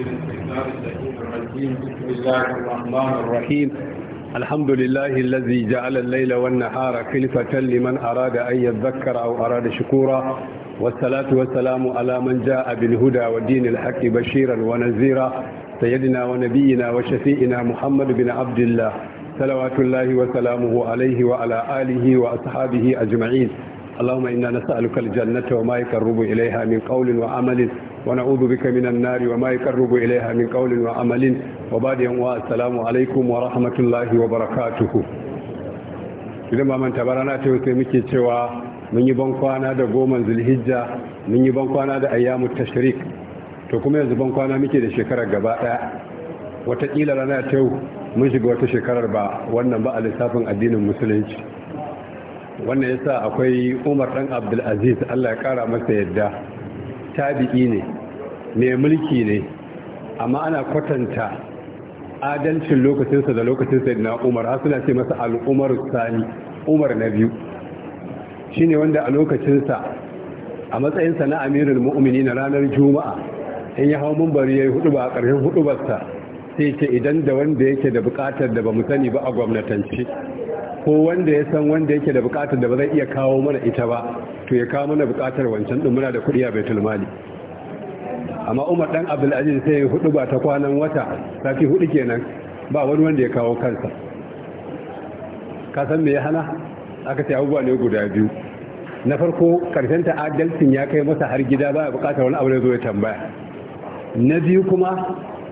بسم الله الرحمن الرحيم الحمد لله الذي جعل الليل والنهار خلفة لمن أراد أن يذكر أو أراد شكورا والصلاة والسلام على من جاء بالهدى ودين الحق بشيرا ونذيرا سيدنا ونبينا وشفيئنا محمد بن عبد الله صلوات الله وسلامه عليه وعلى آله وأصحابه أجمعين اللهم إنا نسألك الجنة وما يقرب إليها من قول وعمل ونعوذ بك من النار وما يقرب إليها من قول وعمل وبعد يوم السلام عليكم ورحمة الله وبركاته idan ba manta rana ta sai muke cewa mun yi ban da goman zulhijja mun yi ban da ayyamu tashrik to kuma yanzu ban kwana muke da shekarar gaba daya rana ta yau mun shiga wata shekarar ba wannan ba a lissafin addinin musulunci wannan yasa akwai umar dan abdulaziz allah ya kara masa yadda tabi'i ne mai mulki ne amma ana kwatanta adalcin lokacinsa da lokacinsa sayyidina umar har suna ce masa al'umar sani umar na biyu Shi ne wanda a lokacinsa a matsayinsa na amirul mu'mini na ranar juma'a in ya hau mumbari ya yi hudu ba a ƙarshen hudu sai ce idan da wanda yake da buƙatar da ba mu sani ba a gwamnatance ko wanda ya san wanda yake da bukatar da ba zai iya kawo mana ita ba to ya kawo mana bukatar wancan din muna da kuɗi a baitul mali amma Umar dan Abdul Aziz sai ya hudu ba ta kwanan wata sati hudu kenan ba wani wanda ya kawo kansa ka san me ya hana aka ce abubuwa ne guda biyu na farko karshen ta adalcin ya kai masa har gida ba bukatar wani abu da zo ya tambaya na biyu kuma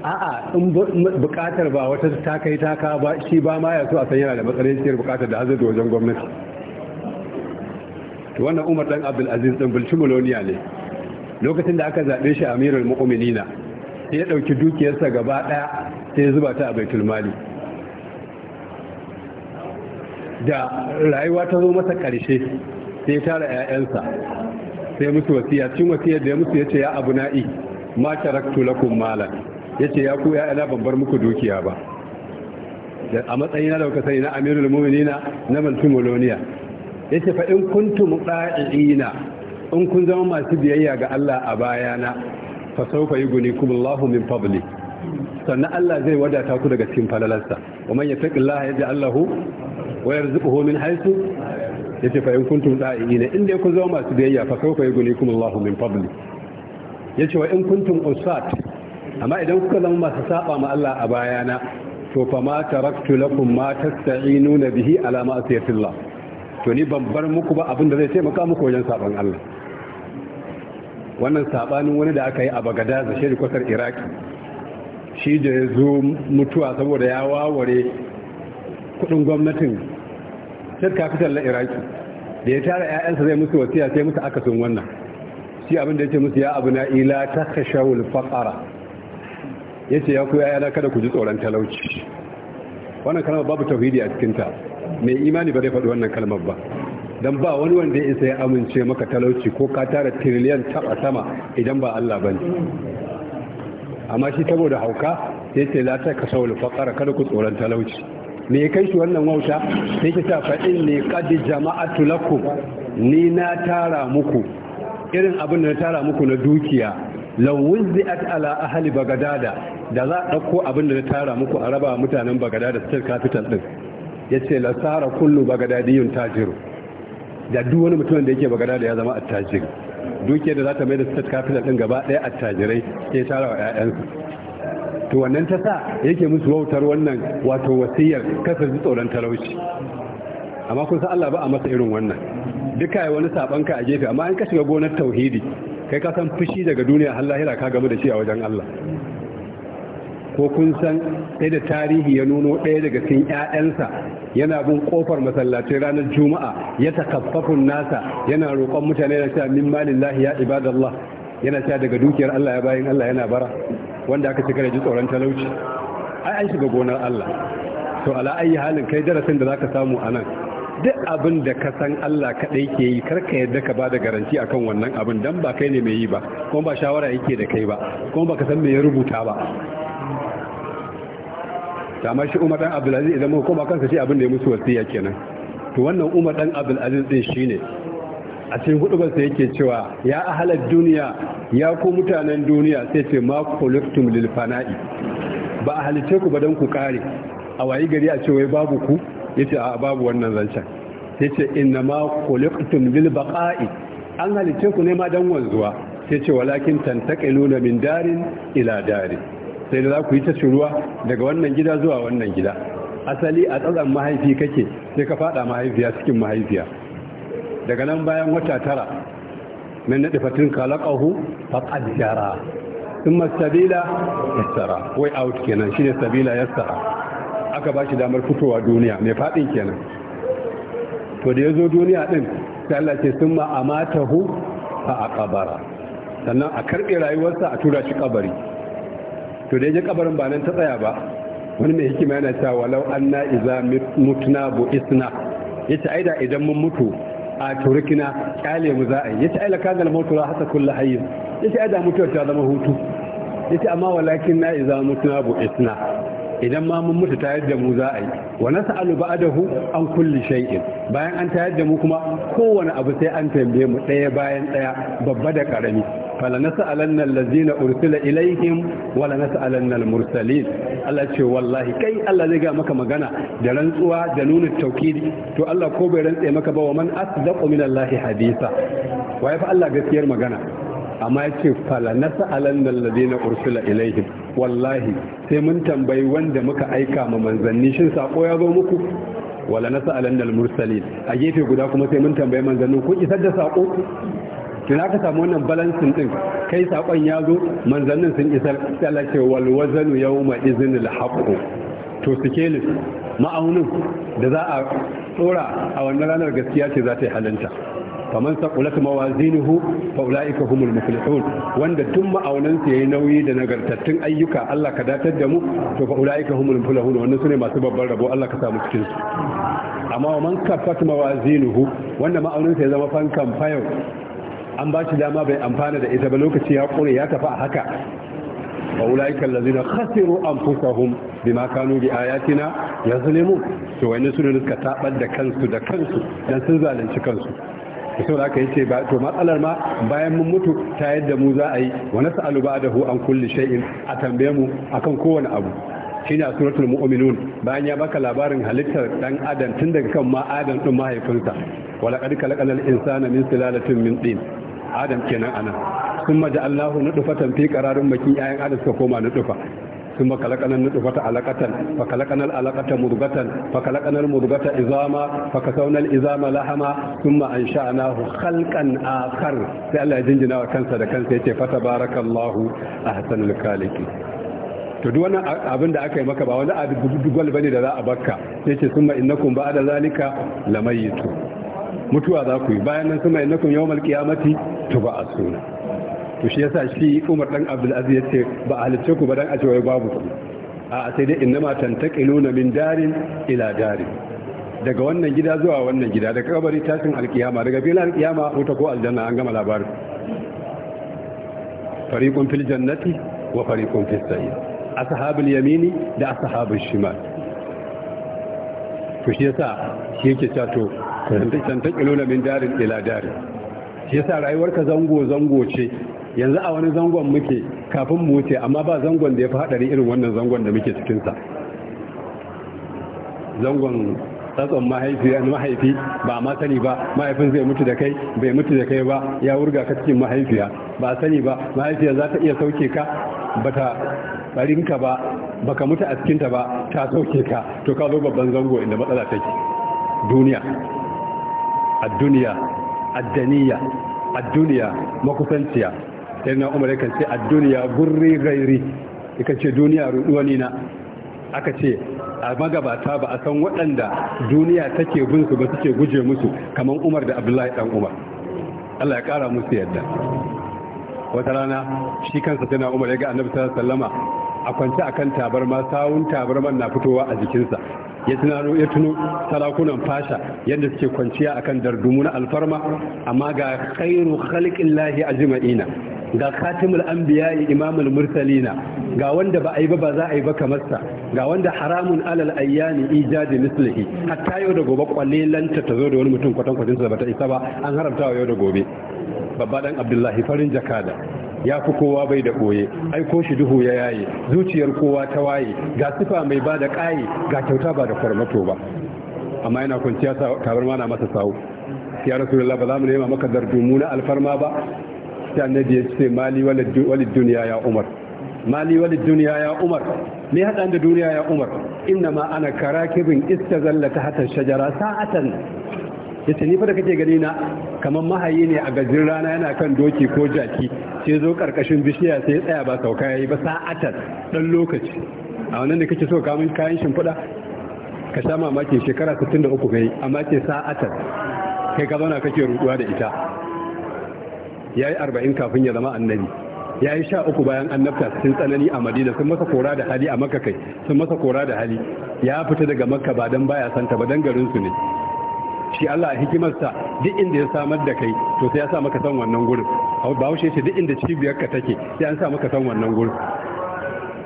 a'a in bukatar ba wata ta kai ta ka ba shi ba ma yaso a san yana da ciyar bukatar da hazardu wajen gwamnati to wannan umar dan abdulaziz din bulci muloniya ne lokacin da aka zaɓe shi amirul mu'minina sai ya ɗauki dukiyarsa gaba ɗaya sai ya zuba ta a baitul mali da rayuwa ta zo masa ƙarshe sai ya tara ƴaƴansa sai musu wasiya cin wasiyar da ya musu ya ce ya abu na'i ma taraktu lakum malan yace ya ce ya ana ban babbar muku dukiya ba a matsayina da kuka sani na amirul mu'minina na multimoloniya yace fa in kuntum da'ina in kun zama masu biyayya ga Allah a bayana fa guni kuma Allahu min fabli sannan Allah zai wadata ku daga cikin falalarsa wa man ya ji lahu wa yarzuquhu min haisu. yace fa in kuntum da'ina in dai kun zama masu biyayya fa guni kuma Allahu min ya yace wa in kuntum usat amma idan kuka zama masu saba ma Allah a bayana to fa ma taraktu lakum ma tasta'inu bihi ala ma asiyatillah to ni ban bar muku ba abinda zai taimaka muku wajen saban Allah wannan sabanin wani da aka yi a Bagada da shehu kwasar Iraki shi da ya zo mutuwa saboda ya waware kudin gwamnatin sai fitar na Iraki da ya tara ƴaƴansa zai musu wasiya sai musu akasin wannan shi abin da yake musu ya abuna ila takhashawul faqara ya ce ya ku yana kada ku ji tsoron talauci wannan kalmar babu tauhidi a cikinta mai imani ba zai faɗi wannan kalmar ba don ba wani wanda ya isa ya amince maka talauci ko ka tara tiriliyan taba sama idan ba Allah ba ne amma shi saboda hauka sai ce la ta kasau faƙara kada ku tsoron talauci me ya kai shi wannan wauta sai ki ta faɗin ne kadi jama'atu ni na tara muku irin abin da na tara muku na dukiya law wuzi'at ala ahli bagadada da za a ɗauko abin da na tara muku a raba mutanen bagada da state capital ɗin ya ce la tsara kullu bagadadiyun tajiru da duk wani mutumin da yake bagada da ya zama attajiri duke da za ta mai da state capital ɗin gaba ɗaya attajirai ke tara wa 'ya'yansu to wannan ta sa yake musu wautar wannan wato wasiyar kasar ji tsoron talauci amma kun san Allah ba a masa irin wannan duka ya wani saban ka a gefe amma an ka shiga gonar tauhidi kai ka san fushi daga duniya har lahira ka gamu da shi a wajen Allah ko kun san sai da tarihi ya nuno ɗaya daga cikin ƴaƴansa yana bin kofar masallacin ranar juma'a ya takaffafun nasa yana roƙon mutane da cewa min malillahi ya ibadallah yana cewa daga dukiyar Allah ya bayin Allah yana bara wanda aka cika da ji tsoron talauci ai an shiga gonar Allah to ala ayi halin kai darasin da zaka samu anan duk abin da ka san Allah kaɗai ke yi karka yadda ka ba da garanti akan wannan abin don ba kai ne mai yi ba kuma ba shawara yake da kai ba kuma ba ka san me ya rubuta ba ta ma shi Umar dan abu Aziz idan muka koma kansa shi abin da ya musu wasiya kenan to wannan Umar dan Abdul Aziz din shine a cikin hudubar yake cewa ya ahalar duniya ya ku mutanen duniya sai ce ma kuluktum lil fana'i ba a halice ku ba dan ku kare a wayi gari a ce wai babu ku yace a babu wannan zancen sai ce inna ma kuluktum lil baqa'i an halice ku ne ma dan wanzuwa sai ce walakin nuna min darin ila darin sai da za ku yi ta ruwa daga wannan gida zuwa wannan gida asali a tsazan mahaifi kake sai ka fada mahaifiya cikin mahaifiya daga nan bayan wata tara min nadi fatin kalaqahu faqad jara thumma sabila yassara way out kenan shine sabila yassara aka bashi damar fitowa duniya mai fadin kenan to da yazo duniya din sai Allah ce thumma amatahu fa aqbara sannan a karbe rayuwarsa a tura shi kabari to da ya je kabarin ba nan ta tsaya ba wani mai hikima yana cewa walau anna iza mutuna bu isna yace aida idan mun mutu a turkina kale mu za a yi yace aila kagal mautura hasa kullu hayy yace aida mutuwar ta zama hutu yace amma walakin na iza mutuna bu isna idan ma mun mutu tayar da mu za a yi wa nas'alu ba'dahu an kulli shay'in bayan an tayar da mu kuma kowane abu sai an tambaye mu ɗaya bayan ɗaya babba da karami falanas'alanna allazina ursila ilaihim wa lanas'alanna almursalin Allah ce wallahi kai Allah zai ga maka magana da rantsuwa da nuna tauhidi to Allah ko bai rantsa maka ba wa man asdaqu min Allah hadisa wa yafi Allah gaskiyar magana amma ya ce falanas'alanna allazina ursila ilaihim wallahi sai mun tambayi wanda muka aika ma manzanni shin sako ya zo muku wala nas'alanna almursalin a gefe guda kuma sai mun tambayi manzanni kun isar da sako tuna ka samu wannan balansin din kai sakon ya zo manzannin sun isar sai Allah ce wal wazanu yawma iznil haqqu to sikelin ma'aunin da za a tsora a wannan ranar gaskiya ce za ta yi halinta faman saqulat mawazinuhu fa ulaika humul muflihun wanda tun ma'aunan su yayi nauyi da nagartattun ayyuka Allah ka datar da mu to fa ulaika humul muflihun wannan sune masu babbar rabo Allah ka samu cikin su amma man kaffat mawazinuhu wanda ma'aunin sa ya zama fankan fayau an ba shi dama bai amfana da ita ba lokaci ya kure ya tafi a haka wa ulaika allazina khasiru anfusahum bima kanu bi ayatina yazlimu to wani sunan suka tabar da kansu da kansu dan sun zalunci kansu saboda haka yace ba to matsalar ma bayan mun mutu ta yadda mu za a yi wa nas'alu ba'dahu an kulli shay'in a tambaye mu akan kowane abu shine a suratul mu'minun bayan ya baka labarin halittar dan adam tun daga kan ma adam din mahaifinsa wala qad khalaqal insana min sulalatin min tin adam kenan anan kuma da Allahu nudufatan fi qararin makin yayan adam suka koma nudufa ثم خلقنا النطفة علقة فخلقنا a مضغة فخلقنا المضغة عظاما فكسونا العظام لحما ثم أنشأناه خلقا آخر لألا جنجنا وكنسا لكنسا فتبارك الله أحسن الخالقين to duk wani abin da aka yi maka ba wani abu ba bane da za a baka sai ce summa innakum ba'da zalika lamayyitu mutuwa za ku yi bayan nan suna innakum yawmal qiyamati mati, to suna, to shi yasa shi Umar dan Abdul ya ce ba halittar ku ba dan a ce wai babu ku a sai dai innama nuna min darin ila darin daga wannan gida zuwa wannan gida daga kabari tashin alkiyama daga filin alkiyama wuta ko aljanna an gama labarin fariƙun fil jannati wa fariƙun fis sa'ir ashabul yamini da ashabul shimal to shi yasa shi yake cewa to kan ta kilo min darin ila darin shi yasa rayuwarka zango zango ce yanzu a wani zangon muke kafin mu wuce amma ba zangon da ya fi hadari irin wannan zangon da muke cikin sa zangon tsatson mahaifi ba ma sani ba mahaifin zai mutu da kai bai mutu da kai ba ya wurga ka cikin mahaifiya ba sani ba mahaifiya za ta iya sauke ka bata barinka ba baka mutu a cikin ta ba ta sauke ka to ka zo babban zango inda matsala take duniya ad-duniya ad-daniya ad-duniya makusanciya sai na umar yakan ce ad-duniya gurri gairi yakan ce duniya ruduwani na aka ce a magabata ba a san waɗanda duniya take bin su ba suke guje musu kamar umar da abdullahi dan umar Allah ya kara musu yadda wata rana shi kansa tana umar ya ga annabi sallallahu alaihi wasallama a kwance akan tabarma sawun tabarman na fitowa a jikinsa ya tunano ya tuno sarakunan fasha yadda suke kwanciya akan dardumu na alfarma amma ga khairu a ajma'ina ga khatimul anbiya imamul mursalina ga wanda ba a yi ba ba za a yi ba kamar sa ga wanda haramun alal ayyani ijadi mislihi hatta yau da gobe lanta ta zo da wani mutum kwatan kwatin sa ba ta isa ba an haramta wa yau da gobe babba dan abdullahi farin jakada ya fi kowa bai da ɓoye ai ko shi duhu ya yaye zuciyar kowa ta waye ga sifa mai ba da ƙaye ga kyauta ba da farmato ba amma yana kwanciya tabarma na masa sawu ya rasulullah ba za mu nema maka zardumu na alfarma ba sai annabi ya ce mali walid duniya ya umar mali walid duniya ya umar me hada da duniya ya umar inna ma ana karakibin istazallata hatta shajara sa'atan yace ni fa da kake gani na kamar mahayi ne a gajin rana yana kan doki ko jaki sai zo karkashin bishiya sai ya tsaya ba sauka yayi ba sa'atar dan lokaci a wannan da kake so ka mun kayan shimfiɗa ka sha mamaki shekara 63 kai amma ce sa'atar kai ka zauna kake ruduwa da ita yayi 40 kafin ya zama annabi ya yi sha uku bayan annabta sun tsanani a madina sun masa kora da hali a makka kai sun masa kora da hali ya fita daga makka ba don baya santa ba don garinsu ne shi Allah a hikimarsa duk inda ya samar da kai to sai ya sa maka san wannan gurin wuce shi duk inda cibiyarka take sai an sa maka san wannan gurin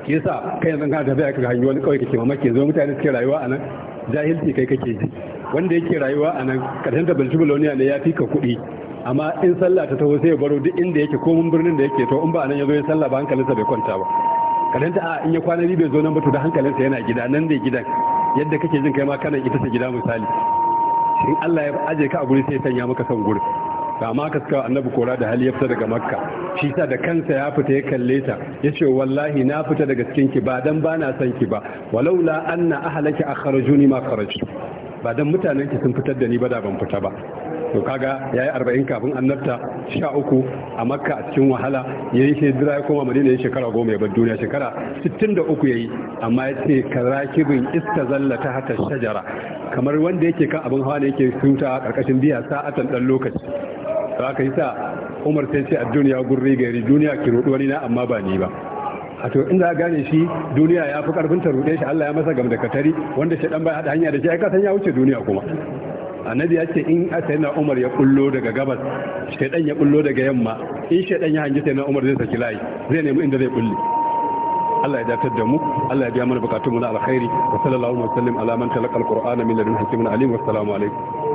ke sa kai yanzu kana tafiya ka hanyo wani kawai kake mamaki yanzu mutane suke rayuwa a nan jahilci kai kake ji wanda yake rayuwa a nan karshen da bilci ne ya fi ka kuɗi amma in sallah ta taho sai ya baro duk inda yake komun birnin da yake to in ba a nan ya zo ya sallah ba hankalinsa bai kwanta ba kadan ta a in ya kwana bai zo nan ba to da hankalinsa yana gida nan da gidan yadda kake jin kai ma kana ita ta gida misali in Allah ya aje ka a guri sai sanya maka san guri? da ma ka suka annabi kora da hali ya fita daga makka shi sa da kansa ya fita ya kalle ta ya ce wallahi na fita daga cikin ki ba dan bana san ki ba walaula anna ahlaki akhrajuni ma kharajtu ba dan mutanen ki sun fitar da ni ba da ban fita ba to kaga yi arba'in kafin nata sha uku a makka a cikin wahala ya yi hijira ya koma madina ya shekara goma ya bar duniya shekara sittin da uku ya yi amma ya ce iska zalla ta hata shajara kamar wanda yake kan abin hawa ne yake suta a ƙarƙashin biya sa'atan ɗan lokaci za ka yi sa umar sai ce a duniya gurri gari duniya ki roɗi wani na amma ba ni ba a to inda ya gane shi duniya ya fi karfin ta ruɗe shi Allah ya masa gam da katari wanda shi dan bai hada hanya da shi ya ka san ya wuce duniya kuma annabi ya ce in sayyidina umar ya kullo daga gabas shaidan ya kullo daga yamma in shaidan ya hangi sayyidina umar zai saki layi zai nemi inda zai kulle Allah ya datar da mu Allah ya biya mana bukatun mu na alkhairi wa sallallahu alaihi wa sallam ala man talaqa alqur'ana min ladun hakimin alim wa assalamu alaikum